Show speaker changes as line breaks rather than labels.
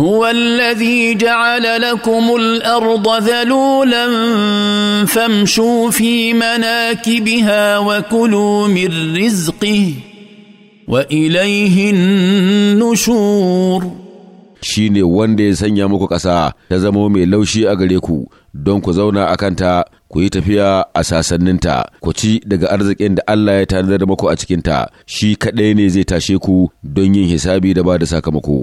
هو الذي جعل لكم الارض ذلولا فامشوا في مناكبها وكلوا من رزقه
واليه النشور shi ne wanda ya sanya muku ƙasa ta zama mai laushi a gare ku don ku zauna a kanta ku yi tafiya a sasanninta ku ci daga arzikin da Allah ya tanadar muku a cikinta shi kaɗai ne zai tashe ku don yin hisabi da ba da sakamako